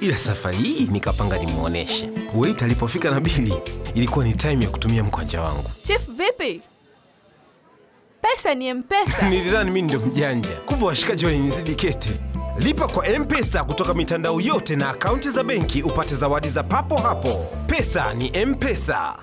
ila safari hii nikapanga nimuoneshe. Wait alipofika na bili, ilikuwa ni time ya kutumia mkwanja wangu. Chief vipi? Pesa ni Mpesa. Nilidhani mimi ndio mjanja, kumbe washikaji walinizidi kete. Lipa kwa Mpesa kutoka mitandao yote na akaunti za benki upate zawadi za papo hapo. Pesa ni Mpesa.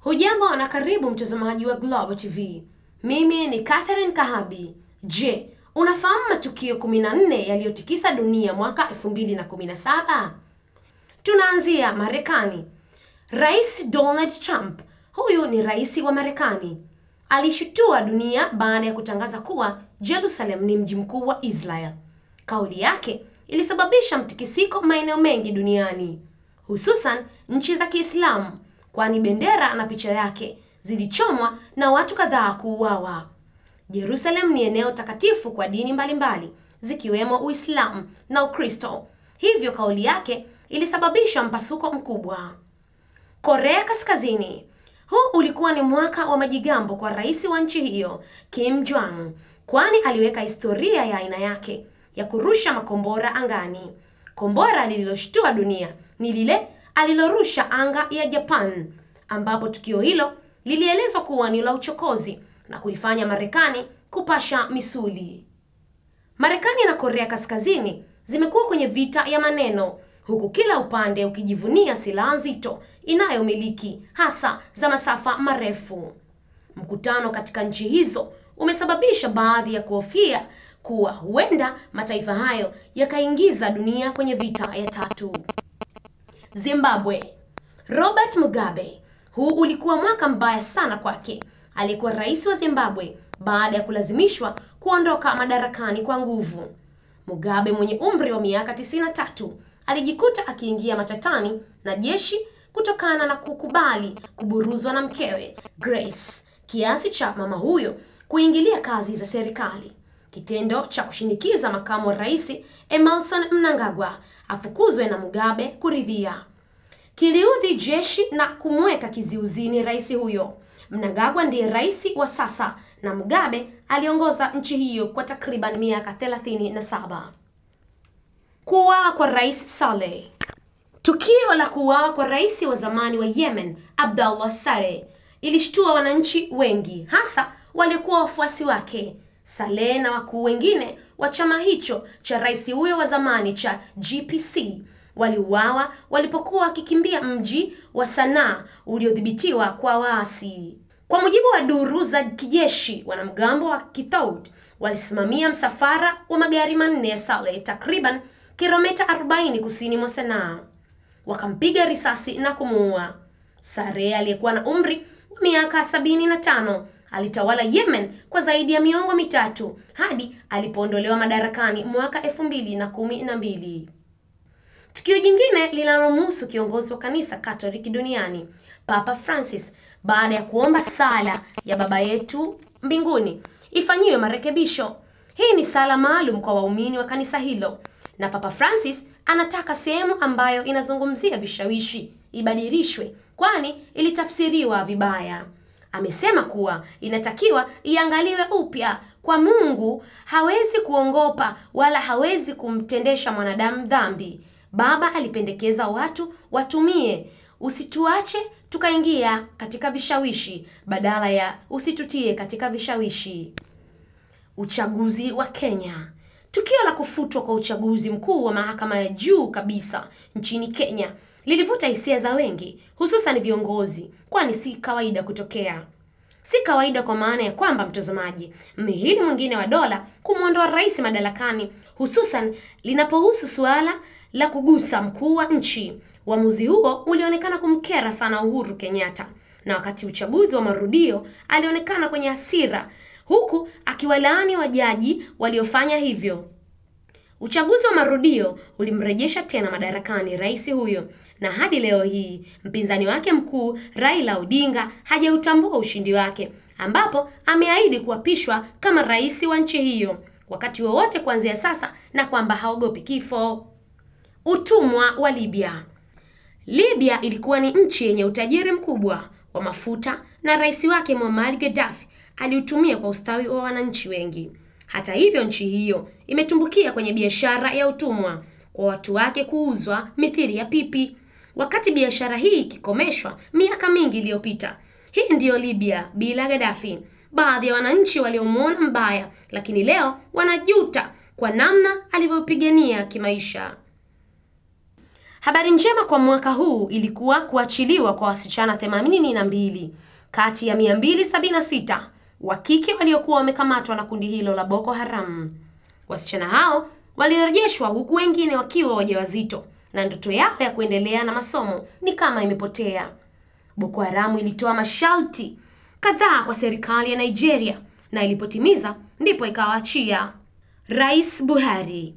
Hujambo na karibu mtazamaji wa Global TV. Mimi ni Catherine Kahabi. Je, Unafahamu matukio 14 yaliyotikisa dunia mwaka 2017? Tunaanzia Marekani. Rais Donald Trump, huyu ni rais wa Marekani, alishutua dunia baada ya kutangaza kuwa Jerusalem ni mji mkuu wa Israel. Kauli yake ilisababisha mtikisiko maeneo mengi duniani, hususan nchi za Kiislamu, kwani bendera na picha yake zilichomwa na watu kadhaa kuuawa. Jerusalem ni eneo takatifu kwa dini mbalimbali zikiwemo Uislamu na Ukristo. Hivyo kauli yake ilisababisha mpasuko mkubwa. Korea Kaskazini. Huu ulikuwa ni mwaka wa majigambo kwa rais wa nchi hiyo, Kim Jong, kwani aliweka historia ya aina yake ya kurusha makombora angani. Kombora lililoshtua dunia ni lile alilorusha anga ya Japan, ambapo tukio hilo lilielezwa kuwa ni la uchokozi na kuifanya Marekani kupasha misuli. Marekani na Korea Kaskazini zimekuwa kwenye vita ya maneno huku kila upande ukijivunia silaha nzito inayomiliki hasa za masafa marefu. Mkutano katika nchi hizo umesababisha baadhi ya kuhofia kuwa huenda mataifa hayo yakaingiza dunia kwenye vita ya tatu. Zimbabwe. Robert Mugabe. Huu ulikuwa mwaka mbaya sana kwake aliyekuwa rais wa Zimbabwe baada ya kulazimishwa kuondoka madarakani kwa nguvu. Mugabe mwenye umri wa miaka 93 alijikuta akiingia matatani na jeshi kutokana na kukubali kuburuzwa na mkewe Grace, kiasi cha mama huyo kuingilia kazi za serikali. Kitendo cha kushinikiza makamu wa rais Emmerson Mnangagwa afukuzwe na Mugabe kuridhia kiliudhi jeshi na kumweka kiziuzini rais huyo. Mnangagwa ndiye rais wa sasa na Mugabe aliongoza nchi hiyo kwa takriban miaka 37 Kuuawa kwa Rais Saleh. Tukio la kuuawa kwa rais wa zamani wa Yemen, Abdullah Saleh, ilishtua wananchi wengi, hasa waliokuwa wafuasi wake. Saleh na wakuu wengine wa chama hicho cha rais huyo wa zamani cha GPC waliuawa walipokuwa wakikimbia mji wa Sanaa uliodhibitiwa kwa waasi. Kwa mujibu wa duru za kijeshi, wanamgambo wa Kithoud walisimamia msafara wa magari manne ya Saleh takriban kilomita 40 kusini mwa Sanaa, wakampiga risasi na kumuua. Saleh aliyekuwa na umri wa miaka sabini na tano alitawala Yemen kwa zaidi ya miongo mitatu hadi alipoondolewa madarakani mwaka elfu mbili na kumi na mbili. Tukio jingine linalomhusu kiongozi wa kanisa Katoliki duniani Papa Francis baada ya kuomba sala ya Baba yetu mbinguni ifanyiwe marekebisho. Hii ni sala maalum kwa waumini wa kanisa hilo, na Papa Francis anataka sehemu ambayo inazungumzia vishawishi ibadilishwe, kwani ilitafsiriwa vibaya. Amesema kuwa inatakiwa iangaliwe upya, kwa Mungu hawezi kuongopa wala hawezi kumtendesha mwanadamu dhambi. Baba alipendekeza watu watumie usituache tukaingia katika vishawishi badala ya usitutie katika vishawishi. Uchaguzi wa Kenya. Tukio la kufutwa kwa uchaguzi mkuu wa mahakama ya juu kabisa nchini Kenya lilivuta hisia za wengi, hususan viongozi, kwani si kawaida kutokea. Si kawaida kwa maana ya kwamba, mtazamaji, mhimili mwingine wa dola kumwondoa rais madarakani, hususan linapohusu suala la kugusa mkuu wa nchi. Uamuzi huo ulionekana kumkera sana Uhuru Kenyatta, na wakati uchaguzi wa marudio alionekana kwenye hasira, huku akiwalaani wajaji waliofanya hivyo. Uchaguzi wa marudio ulimrejesha tena madarakani rais huyo, na hadi leo hii mpinzani wake mkuu Raila Odinga hajautambua ushindi wake, ambapo ameahidi kuapishwa kama rais wa nchi hiyo wakati wowote kuanzia sasa, na kwamba haogopi kifo. Utumwa wa Libya. Libya ilikuwa ni nchi yenye utajiri mkubwa wa mafuta na rais wake Muammar Gaddafi aliutumia kwa ustawi wa wananchi wengi. Hata hivyo, nchi hiyo imetumbukia kwenye biashara ya utumwa kwa watu wake kuuzwa mithili ya pipi. Wakati biashara hii ikikomeshwa miaka mingi iliyopita, hii ndiyo Libya bila Gaddafi. Baadhi ya wananchi waliomwona mbaya, lakini leo wanajuta kwa namna alivyopigania kimaisha. Habari njema kwa mwaka huu ilikuwa kuachiliwa kwa wasichana 82 kati ya 276 wa kike waliokuwa wamekamatwa na kundi hilo la Boko Haram. Wasichana hao walirejeshwa huku wengine wakiwa wajawazito na ndoto yao ya kuendelea na masomo ni kama imepotea. Boko Haramu ilitoa masharti kadhaa kwa serikali ya Nigeria na ilipotimiza ndipo ikawaachia. Rais Buhari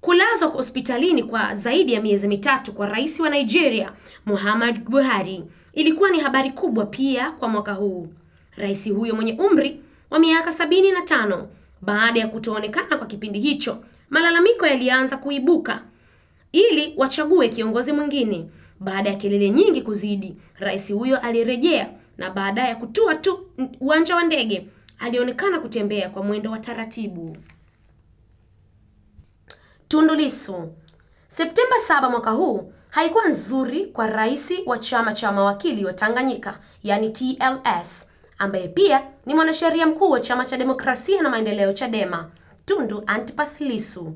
Kulazwa hospitalini kwa zaidi ya miezi mitatu kwa Rais wa Nigeria, Muhammad Buhari, ilikuwa ni habari kubwa pia kwa mwaka huu. Rais huyo mwenye umri wa miaka sabini na tano, baada ya kutoonekana kwa kipindi hicho, malalamiko yalianza kuibuka ili wachague kiongozi mwingine. Baada ya kelele nyingi kuzidi, rais huyo alirejea na baada ya kutua tu uwanja wa ndege alionekana kutembea kwa mwendo wa taratibu. Tundu Lissu. Septemba 7 mwaka huu haikuwa nzuri kwa rais wa chama cha mawakili wa Tanganyika, yani TLS, ambaye pia ni mwanasheria mkuu wa chama cha demokrasia na maendeleo Chadema, Tundu Antipas Lissu.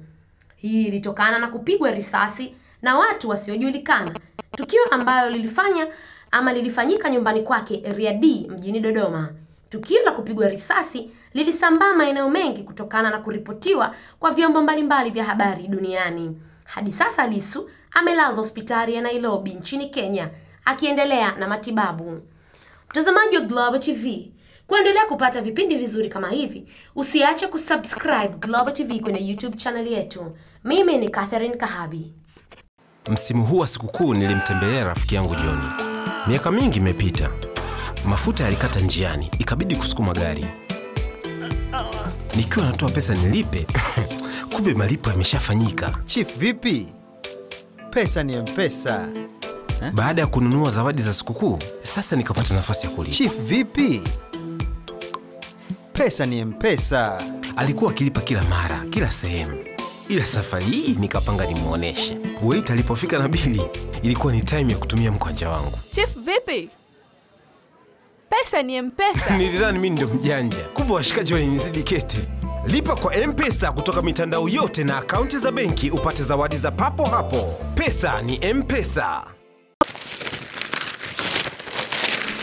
Hii ilitokana na kupigwa risasi na watu wasiojulikana, tukio ambalo lilifanya ama lilifanyika nyumbani kwake Riadi mjini Dodoma. Tukio la kupigwa risasi lilisambaa maeneo mengi kutokana na kuripotiwa kwa vyombo mbalimbali vya habari duniani. Hadi sasa Lissu amelazwa hospitali ya Nairobi nchini Kenya akiendelea na matibabu. Mtazamaji wa Global TV, kuendelea kupata vipindi vizuri kama hivi, usiache kusubscribe Global TV kwenye YouTube channel yetu. Mimi ni Catherine Kahabi. Msimu huu wa sikukuu nilimtembelea rafiki yangu Joni. Miaka mingi imepita, mafuta yalikata njiani, ikabidi kusukuma gari nikiwa natoa pesa nilipe kumbe malipo yameshafanyika. Chief vipi? Pesa ni mpesa. ha? Eh? Eh? Baada ya kununua zawadi za sikukuu, sasa nikapata nafasi ya kulipa. Chief vipi? Pesa ni mpesa. Alikuwa akilipa kila mara, kila sehemu, ila safari hii nikapanga nimwonyeshe Wait alipofika na bili, ilikuwa ni time ya kutumia mkwanja wangu. Chief vipi? Pesa ni Mpesa. Nilidhani mimi ndio mjanja, kumbe washikaji walinizidi kete. Lipa kwa Mpesa kutoka mitandao yote na akaunti za benki upate zawadi za papo hapo. Pesa ni Mpesa.